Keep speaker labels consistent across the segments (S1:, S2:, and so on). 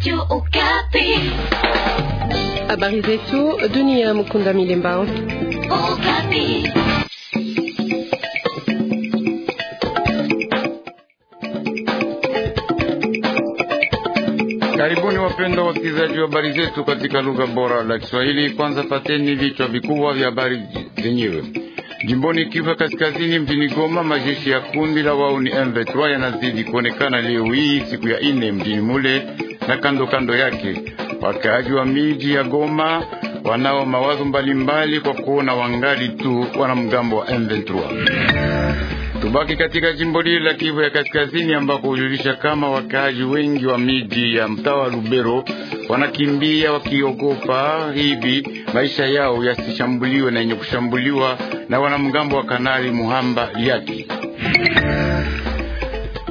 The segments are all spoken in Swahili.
S1: Radio Okapi. Habari zetu dunia, Mukunda Milemba. Okapi.
S2: Karibuni wapendwa wasikilizaji wa habari zetu katika lugha bora la Kiswahili. Kwanza pateni vichwa vikubwa vya habari zenyewe. Jimboni Kivu Kaskazini, mjini Goma, majeshi ya kundi la wauni M23 yanazidi kuonekana leo hii siku ya ine mjini mule na kando kando yake. Wakaaji wa miji ya Goma wanao mawazo mbalimbali kwa kuona wangali tu wanamgambo wa M23. Tubaki katika jimbo lile la Kivu ya Kaskazini ambako hujulisha kama wakaaji wengi wa miji ya mtaa wa Lubero wanakimbia wakiogopa hivi maisha yao yasishambuliwe na yenye kushambuliwa na wanamgambo wa Kanali Muhamba Liaki.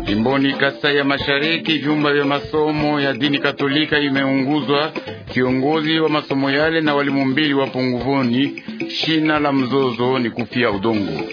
S2: Jimboni Kasai ya Mashariki, vyumba vya masomo ya dini Katolika imeunguzwa. Kiongozi wa masomo yale na walimu mbili wa nguvuni. Shina la mzozo ni kufia udongo.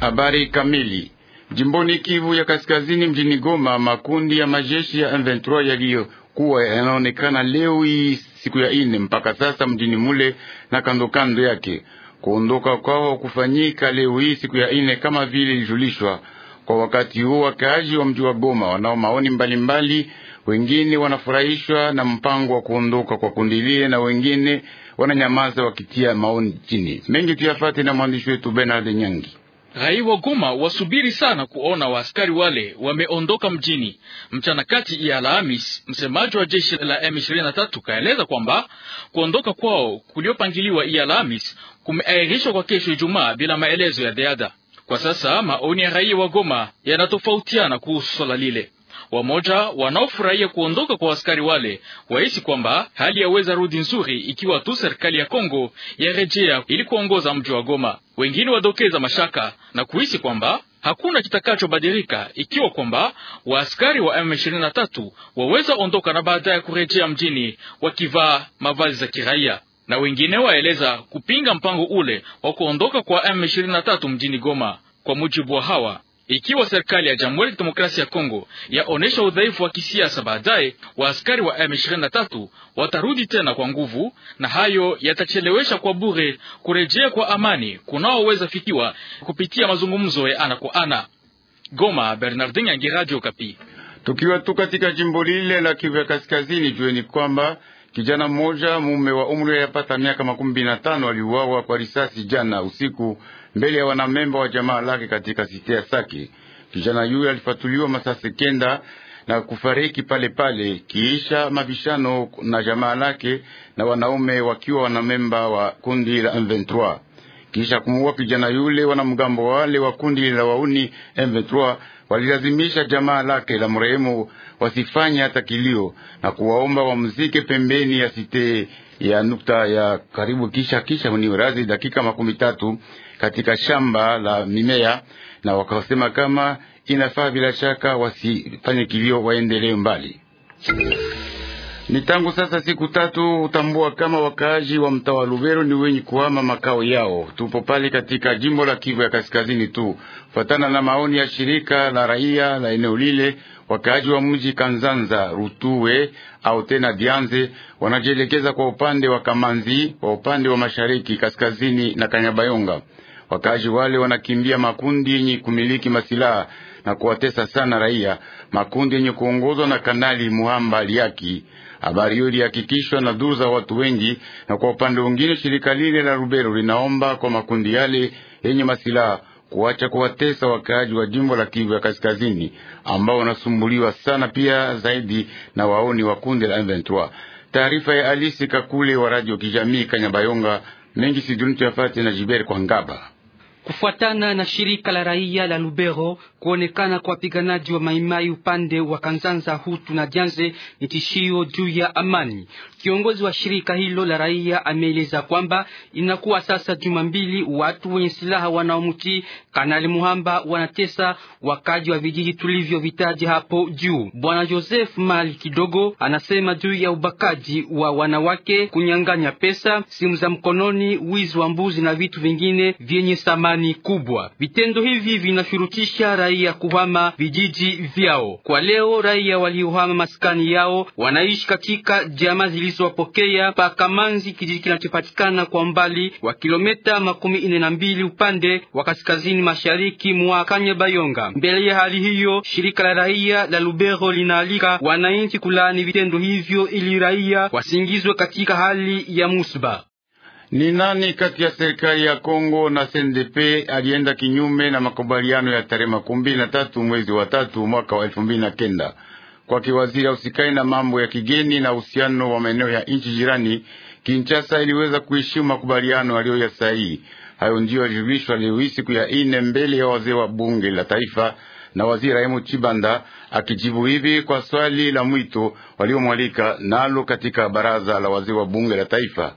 S2: Habari kamili Jimboni Kivu ya Kaskazini, mjini Goma, makundi ya majeshi ya M23 yaliyokuwa yanaonekana leo hii siku ya ine mpaka sasa mjini mule na kandokando yake Kuondoka kwao kufanyika leo hii siku ya ine kama vile ilijulishwa. Kwa wakati huo wakaaji wa mji wa Goma wanao maoni mbalimbali mbali, wengine wanafurahishwa na mpango wa kuondoka kwa kundi lile na wengine wananyamaza wakitia maoni chini. Mengi tuyafate na mwandishi wetu Bernard Nyangi.
S3: Rai wa Goma wasubiri sana kuona waaskari wale wameondoka mjini mchana kati ya Alhamis. Msemaji wa jeshi la M23 kaeleza kwamba kuondoka kwao kuliopangiliwa ya Alhamis kumeahirishwa kwa kesho Ijumaa bila maelezo ya ziada. Kwa sasa maoni ya raia wa Goma yanatofautiana kuhusu swala lile. Wamoja wanaofurahia kuondoka kwa askari wale wahisi kwamba hali yaweza rudi nzuri ikiwa tu serikali ya Kongo yarejea ili kuongoza mji wa Goma. Wengine wadokeza mashaka na kuhisi kwamba hakuna kitakachobadilika ikiwa kwamba waaskari wa M23 waweza ondoka na baadaye kurejea mjini wakivaa mavazi za kiraia na wengine waeleza kupinga mpango ule wa kuondoka kwa M23 mjini Goma. Kwa mujibu wa hawa, ikiwa serikali ya Jamhuri ya Kidemokrasia ya Kongo yaonyesha udhaifu wa kisiasa, baadaye waaskari wa M23 watarudi tena kwa nguvu, na hayo yatachelewesha kwa bure kurejea kwa amani kunaoweza fikiwa kupitia mazungumzo ya ana kwa ana. Goma, Bernardin Yangi, Radio
S2: Kapi. Tukiwa tu katika jimbo lile la Kivu ya Kaskazini, jueni kwamba Kijana mmoja mume wa umri yapata miaka makumi mbili na tano aliuawa kwa risasi jana usiku mbele ya wanamemba wa jamaa lake katika site ya Sake. Kijana yule alifatuliwa masasi kenda na kufariki pale pale kiisha mabishano na jamaa lake na wanaume wakiwa wanamemba wa kundi la M23. Kisha kumuua kijana yule, wanamgambo wale wa kundi la wauni M23 walilazimisha jamaa lake la mrehemu wasifanye hata kilio na kuwaomba wamzike pembeni ya site ya nukta ya karibu, kisha kisha ni razi dakika makumi tatu katika shamba la mimea, na wakasema kama inafaa bila shaka wasifanye kilio, waendelee mbali. Ni tangu sasa siku tatu utambua kama wakaaji wa mtaa wa Lubero ni wenye kuhama makao yao. Tupo pale katika jimbo la Kivu ya Kaskazini tu. Fatana na maoni ya shirika la raia la eneo lile, wakaaji wa mji Kanzanza, Rutuwe au tena Dianze wanajielekeza kwa upande wa Kamanzi, kwa upande wa mashariki, kaskazini na Kanyabayonga. Wakaaji wale wanakimbia makundi yenye kumiliki masilaha na kuwatesa sana raia, makundi yenye kuongozwa na Kanali Muhamba Liaki. Habari hiyo ilihakikishwa na duru za watu wengi, na kwa upande mwingine shirika lile la Rubero linaomba kwa makundi yale yenye masilaha kuacha kuwatesa wakaaji wa jimbo la Kivu ya Kaskazini ambao wanasumbuliwa sana pia zaidi na waoni wa kundi la M23. Taarifa ya Alisi Kakule wa Radio Kijamii Kanyabayonga mengi yafati na Jiberi kwa Ngaba.
S4: Kufuatana na shirika la raia la Lubero, kuonekana kwa wapiganaji wa Maimai upande wa Kanzanza, Hutu na Janze ni tishio juu ya amani. Kiongozi wa shirika hilo la raia ameeleza kwamba inakuwa sasa juma mbili watu wenye silaha wanaomtii Kanali Muhamba wanatesa wakaji wa vijiji tulivyovitaja hapo juu. Bwana Joseph Mali kidogo anasema juu ya ubakaji wa wanawake, kunyang'anya pesa, simu za mkononi, wizi wa mbuzi na vitu vingine vyenye thamani kubwa. Vitendo hivi vinashurutisha raia kuhama vijiji vyao. Kwa leo raia waliohama maskani yao wanaishi katika jamaa zilizo zilizowapokea pa Kamanzi, kijiji kinachopatikana kwa umbali wa kilomita makumi ine na mbili upande wa kaskazini mashariki mwa Kanyabayonga. Mbele ya hali hiyo, shirika la raia la Lubero linaalika wananchi kulaani vitendo hivyo ili raia wasingizwe katika hali ya musba
S2: Ni nani kati ya serikali ya Kongo na CNDP alienda kinyume na makubaliano ya tarehe makumi mbili na tatu mwezi wa tatu mwaka wa elfu mbili na kenda? kwake waziri ausikani na mambo ya kigeni na uhusiano wa maeneo ya nchi jirani, Kinshasa iliweza kuheshimu makubaliano aliyoyasaini. Hayo ndiyo yalijulishwa leo hii siku ya ine mbele ya wazee wa bunge la taifa na waziri Raimu Chibanda akijibu hivi kwa swali la mwito waliomwalika nalo katika baraza la wazee wa bunge la taifa,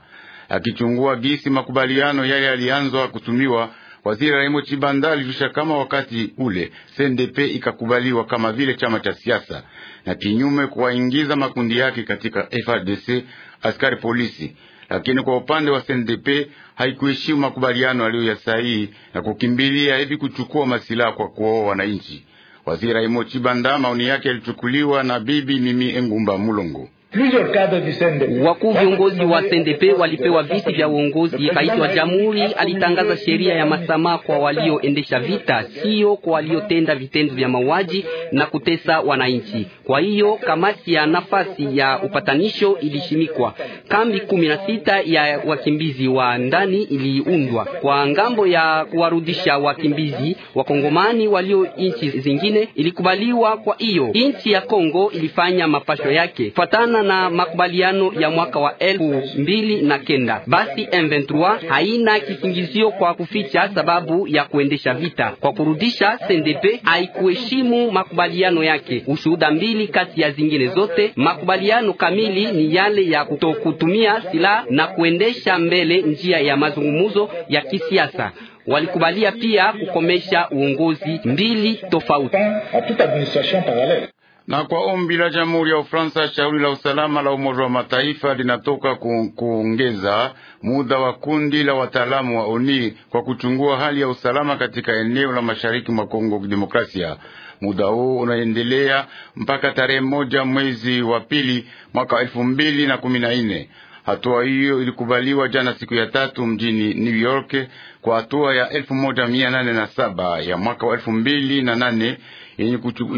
S2: akichungua gisi makubaliano yale yalianzwa kutumiwa Waziri Raimo Chibanda alijulisha kama wakati ule CNDP ikakubaliwa kama vile chama cha siasa na kinyume kuwaingiza makundi yake katika FRDC askari polisi, lakini kwa upande wa CNDP haikuheshimu makubaliano aliyoyasaini na kukimbilia hivi kuchukua masilaha kwa kuoa wananchi. Waziri Raimo Chibanda maoni yake yalichukuliwa na bibi Mimi Engumba Mulongo.
S5: Wakuu viongozi wa sendepe walipewa viti vya uongozi. Rais wa jamhuri alitangaza sheria ya masamaha kwa walioendesha vita, sio kwa waliotenda vitendo vya mauaji na kutesa wananchi. Kwa hiyo kamati ya nafasi ya upatanisho ilishimikwa. Kambi kumi na sita ya wakimbizi wa ndani iliundwa kwa ngambo ya kuwarudisha wakimbizi wakongomani walio nchi zingine, ilikubaliwa. Kwa hiyo nchi ya Kongo ilifanya mapasho yake fatana kulingana na makubaliano ya mwaka wa elfu mbili na kenda. Basi M23 haina kisingizio kwa kuficha sababu ya kuendesha vita kwa kurudisha. CNDP haikuheshimu makubaliano yake. Ushuhuda mbili kati ya zingine zote, makubaliano kamili ni yale ya kutokutumia silaha na kuendesha mbele njia ya mazungumzo ya kisiasa. Walikubalia pia kukomesha uongozi mbili tofauti
S2: na kwa ombi la Jamhuri ya Ufaransa, shauri la usalama la Umoja wa Mataifa linatoka kuongeza muda wa kundi la wataalamu wa ONI kwa kuchungua hali ya usalama katika eneo la mashariki mwa Kongo Kidemokrasia. Muda huu unaendelea mpaka tarehe moja mwezi wa pili mwaka elfu mbili na kumi na nne. Hatua hiyo ilikubaliwa jana siku ya tatu mjini New York kwa hatua ya elfu ya mwaka wa 2008 na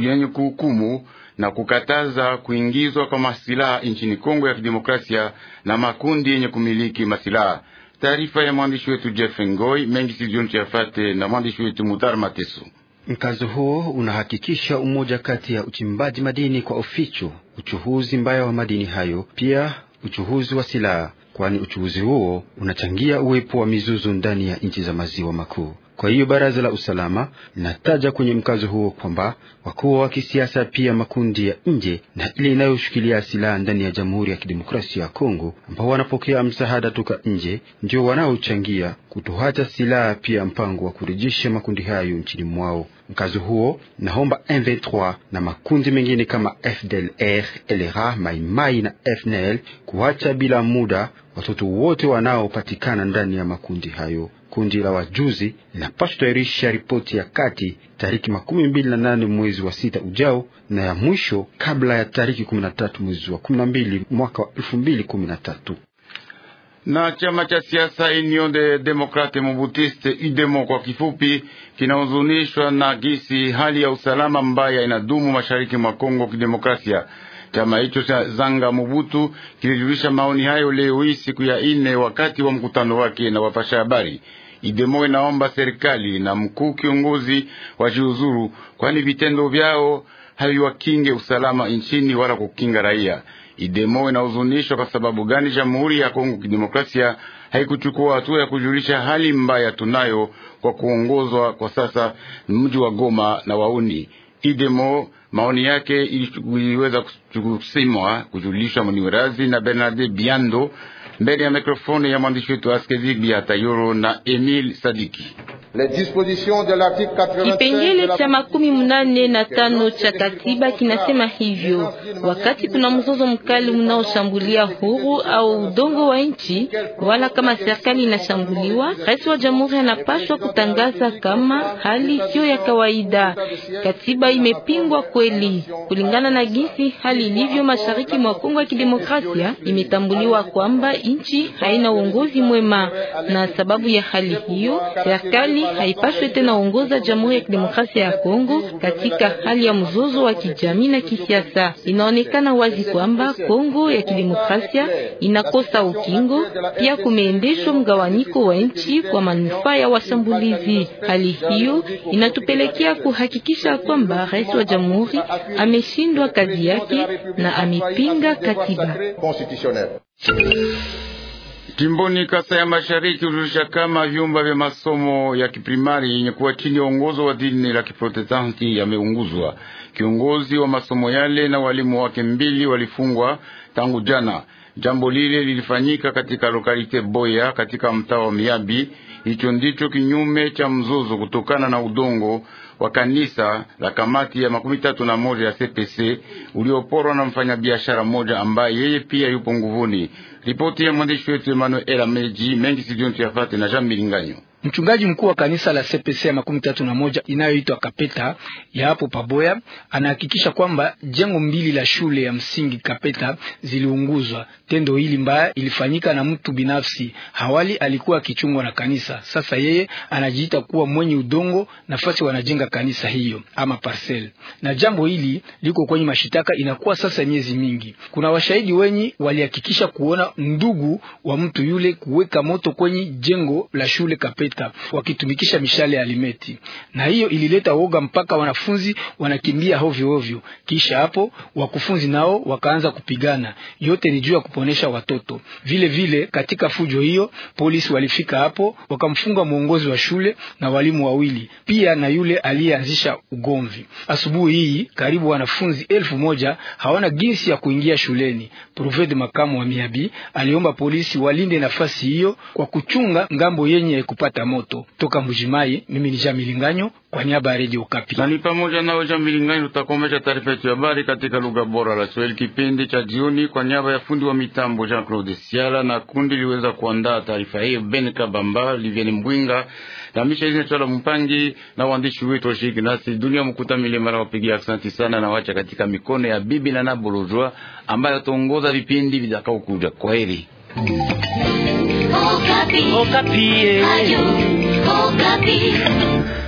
S2: yenye kuhukumu na kukataza kuingizwa kwa masilaha nchini Kongo ya Kidemokrasia na makundi yenye kumiliki masilaha. Taarifa ya mwandishi wetu Jeff Ngoi mengi sizioni tuyafate na mwandishi wetu Mutar Mateso.
S6: Mkazo huo unahakikisha umoja kati ya uchimbaji madini kwa uficho, uchuhuzi mbaya wa madini hayo, pia uchuhuzi wa silaha, kwani uchuhuzi huo unachangia uwepo wa mizuzu ndani ya nchi za maziwa makuu. Kwa hiyo baraza la usalama linataja kwenye mkazo huo kwamba wakuu wa kisiasa pia makundi ya nje na ile inayoshikilia silaha ndani ya Jamhuri ya Kidemokrasia ya Kongo ambao wanapokea msaada toka nje ndio wanaochangia kutohata silaha, pia mpango wa kurejesha makundi hayo nchini mwao. Mkazo huo naomba M23 na makundi mengine kama FDLR, LRA, Maimai na FNL kuacha bila muda watoto wote wanaopatikana ndani ya makundi hayo kundi la wajuzi linapaswa tayarisha ripoti ya kati tariki makumi mbili na nane mwezi wa sita ujao na ya mwisho kabla ya tariki kumi na tatu mwezi wa kumi na mbili mwaka wa elfu mbili kumi na tatu
S2: na chama cha siasa Union de Demokrate Mobutiste UDEMO kwa kifupi kinahuzunishwa na gisi hali ya usalama mbaya inadumu mashariki mwa Kongo kidemokrasia. Chama hicho cha Zanga Mubutu kilijulisha maoni hayo leo hii siku ya ine wakati wa mkutano wake na wapasha habari. Idemo inaomba serikali na mkuu kiongozi wajiuzuru, kwani vitendo vyao haviwakinge usalama nchini wala kukinga raia. Idemo inahuzunishwa kwa sababu gani Jamhuri ya Kongo Kidemokrasia haikuchukua hatua ya kujulisha hali mbaya tunayo kwa kuongozwa kwa sasa mji wa Goma na Wauni. Idemo Maoni yake iliweza kusimwa kujulishwa Muniwerazi na Bernarde Biando mbele ya mikrofoni ya mwandishi wetu Askezibi Atayoro na Emil Sadiki. Kipengele cha makumi
S1: mnane na tano cha katiba kinasema hivyo: wakati kuna mzozo mkali unaoshambulia huru au udongo wa nchi, wala kama serikali inashambuliwa, rais wa jamhuri anapaswa kutangaza kama hali sio ya kawaida. Katiba imepingwa kweli. Kulingana na jinsi hali ilivyo mashariki mwa Kongo ya Kidemokrasia, imetambuliwa kwamba nchi haina uongozi mwema, na sababu ya hali hiyo serikali hii haipaswi tena ongoza Jamhuri ya Kidemokrasia ya Kongo katika hali ya mzozo wa kijamii na kisiasa. Inaonekana wazi kwamba Kongo ya Kidemokrasia inakosa ukingo, pia kumeendeshwa mgawanyiko wa nchi kwa manufaa ya washambulizi. Hali hiyo inatupelekea kuhakikisha kwamba rais wa jamhuri ameshindwa kazi yake na amepinga katiba.
S2: Jimboni Kasa ya Mashariki hujulisha kama vyumba vya masomo ya kiprimari yenye kuwa chini ya uongozo wa dini la Kiprotestanti yameunguzwa. Kiongozi wa masomo yale na walimu wake mbili walifungwa tangu jana. Jambo lile lilifanyika katika lokalite Boya katika mtaa wa Miabi. Hicho ndicho kinyume cha mzozo kutokana na udongo wa kanisa la kamati ya makumi tatu na moja ya CPC ulioporwa na mfanyabiashara mmoja ambaye yeye pia yupo nguvuni. Ripoti ya mwandishi wetu Emmanuel Elameji mengi sijontu yafate na Jean Milinganyo.
S7: Mchungaji mkuu wa kanisa la CPC ya makumi tatu na moja inayoitwa Kapeta ya hapo Paboya anahakikisha kwamba jengo mbili la shule ya msingi Kapeta ziliunguzwa. Tendo hili mbaya ilifanyika na mtu binafsi. Hawali alikuwa akichungwa na kanisa, sasa yeye anajiita kuwa mwenye udongo nafasi wanajenga kanisa hiyo ama parcel, na jambo hili liko kwenye mashitaka, inakuwa sasa miezi mingi. Kuna washahidi wenye walihakikisha kuona ndugu wa mtu yule kuweka moto kwenye jengo la shule Kapeta sekta wakitumikisha mishale ya alimeti, na hiyo ilileta woga mpaka wanafunzi wanakimbia hovyo hovyo. Kisha hapo wakufunzi nao wakaanza kupigana, yote ni juu ya kuponesha watoto. Vile vile katika fujo hiyo polisi walifika hapo wakamfunga mwongozi wa shule na walimu wawili, pia na yule aliyeanzisha ugomvi. Asubuhi hii karibu wanafunzi elfu moja hawana jinsi ya kuingia shuleni. Proved makamu wa Miabi aliomba polisi walinde nafasi hiyo kwa kuchunga ngambo yenye kupata ya moto. Toka Mbujimayi, mimi ni Jean Milinganyo kwa niaba ya Radio Okapi.
S2: ni pamoja na Jean Milinganyo, tutakomesha taarifa yetu ya habari katika lugha bora la Kiswahili kipindi cha jioni, kwa niaba ya fundi wa mitambo Jean Claude Siala na kundi liweza kuandaa taarifa hiyo Ben Kabamba, Livian Mbwinga na Misha Izina Chola Mpangi na waandishi wetu washiriki nasi dunia mkuta milemara wapigia. Asante sana na wacha katika mikono ya bibi na na ambayo ambaye ataongoza vipindi vitakao kuja. Kwaheri.
S3: Okapi. Okapi. Eh.